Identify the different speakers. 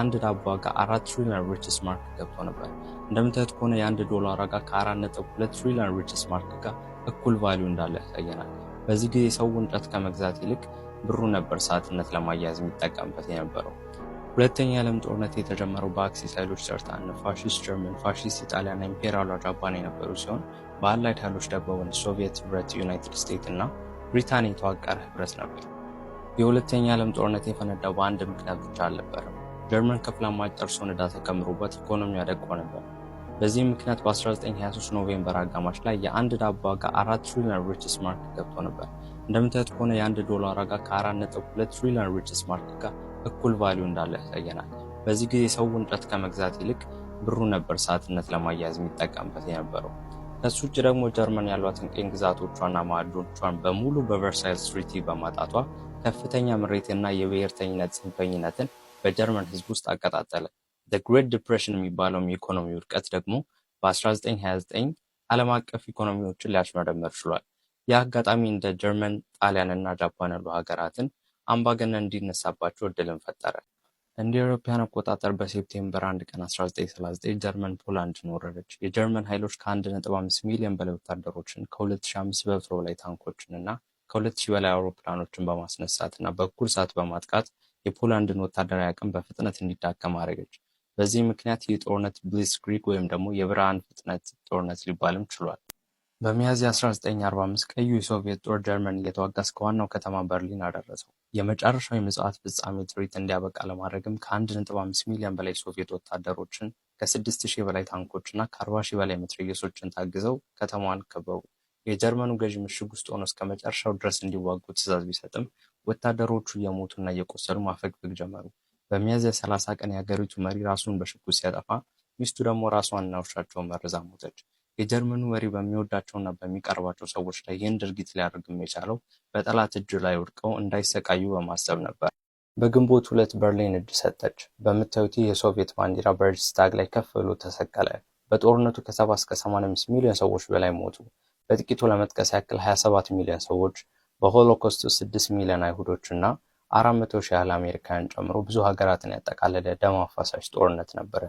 Speaker 1: አንድ ዳቦ ዋጋ አራት ትሪሊዮን ሪችስ ማርክ ገብቶ ነበር። እንደምታዩት ከሆነ የአንድ ዶላር ዋጋ ከአራት ነጥብ ሁለት ትሪሊዮን ሪችስ ማርክ ጋር እኩል ቫሊዩ እንዳለ ያሳየናል። በዚህ ጊዜ ሰው እንጨት ከመግዛት ይልቅ ብሩ ነበር ሰዓትነት ለማያያዝ የሚጠቀምበት የነበረው። ሁለተኛ ዓለም ጦርነት የተጀመረው በአክሲስ ኃይሎች ሰርታን ፋሽስት ጀርመን፣ ፋሺስት ኢጣሊያና ኢምፔሪያሏ ጃፓን የነበሩ ሲሆን በአላይድ ኃይሎች ደበውን ሶቪየት ህብረት፣ ዩናይትድ ስቴትስ እና ብሪታንያ የተዋቀረ ህብረት ነበር። የሁለተኛ ዓለም ጦርነት የፈነዳው በአንድ ምክንያት ብቻ አልነበረም። ጀርመን ከፍላማጭ ጠርሶ ንዳ ተከምሮበት ኢኮኖሚ ያደቆ ነበር። በዚህም ምክንያት በ1923 ኖቬምበር አጋማሽ ላይ የአንድ ዳቦ ዋጋ 4 ትሪሊዮን ሪችስ ማርክ ገብቶ ነበር። እንደምታዩት ከሆነ የአንድ ዶላር ዋጋ ከ4.2 ትሪሊዮን ሪችስ ማርክ ጋር እኩል ቫሊዩ እንዳለ ያሳየናል። በዚህ ጊዜ ሰው እንጨት ከመግዛት ይልቅ ብሩ ነበር ሰዓትነት ለማያያዝ የሚጠቀምበት የነበረው። ከሱ ውጭ ደግሞ ጀርመን ያሏትን ቅኝ ግዛቶቿና ማዕዶቿን በሙሉ በቨርሳይል ትሪቲ በማጣቷ ከፍተኛ ምሬትና የብሔርተኝነት ጽንፈኝነትን በጀርመን ህዝብ ውስጥ አቀጣጠለ። ዘ ግሬት ዲፕሬሽን የሚባለውም የኢኮኖሚ ውድቀት ደግሞ በ1929 ዓለም አቀፍ ኢኮኖሚዎችን ሊያሽመደመር ችሏል። ይህ አጋጣሚ እንደ ጀርመን፣ ጣሊያን እና ጃፓን ያሉ ሀገራትን አምባገነን እንዲነሳባቸው እድልን ፈጠረ። እንደ አውሮፓውያን አቆጣጠር በሴፕቴምበር 1 ቀን 1939 ጀርመን ፖላንድን ወረረች። የጀርመን ኃይሎች ከ1.5 ሚሊዮን በላይ ወታደሮችን፣ ከ2500 በላይ ታንኮችን እና ከ2000 በላይ አውሮፕላኖችን በማስነሳት እና በኩል ሰዓት በማጥቃት የፖላንድን ወታደራዊ አቅም በፍጥነት እንዲዳከም አደረገች። በዚህ ምክንያት ይህ ጦርነት ብሊስክሪግ ወይም ደግሞ የብርሃን ፍጥነት ጦርነት ሊባልም ችሏል። በሚያዝያ 1945 ቀዩ የሶቪየት ጦር ጀርመን እየተዋጋ እስከ ዋናው ከተማ በርሊን አደረሰው። የመጨረሻው የምጽዋት ፍጻሜ ትርኢት እንዲያበቃ ለማድረግም ከ1.5 ሚሊዮን በላይ ሶቪየት ወታደሮችን ከ6000 በላይ ታንኮች እና ከ40,000 በላይ መትረየሶችን ታግዘው ከተማዋን ከበቡ። የጀርመኑ ገዢ ምሽግ ውስጥ ሆኖ እስከ መጨረሻው ድረስ እንዲዋጉ ትእዛዝ ቢሰጥም ወታደሮቹ እየሞቱና እየቆሰሉ ማፈግፈግ ጀመሩ። በሚያዝያ ሰላሳ ቀን የሀገሪቱ መሪ ራሱን በሽጉጥ ሲያጠፋ፣ ሚስቱ ደግሞ ራሷንና ውሻቸውን መርዛ ሞተች። የጀርመኑ መሪ በሚወዳቸውና በሚቀርባቸው ሰዎች ላይ ይህን ድርጊት ሊያደርግም የቻለው በጠላት እጅ ላይ ወድቀው እንዳይሰቃዩ በማሰብ ነበር። በግንቦት ሁለት በርሊን እጅ ሰጠች። በምታዩት የሶቪየት ባንዲራ በሬጅስታግ ላይ ከፍ ብሎ ተሰቀለ። በጦርነቱ ከ70 እስከ 85 ሚሊዮን ሰዎች በላይ ሞቱ። በጥቂቱ ለመጥቀስ ያክል 27 ሚሊዮን ሰዎች፣ በሆሎኮስቱ ስድስት ሚሊዮን አይሁዶችና አራት መቶ ሺህ ያህል አሜሪካውያን ጨምሮ ብዙ ሀገራትን ያጠቃለለ ደም አፋሳሽ ጦርነት ነበረ።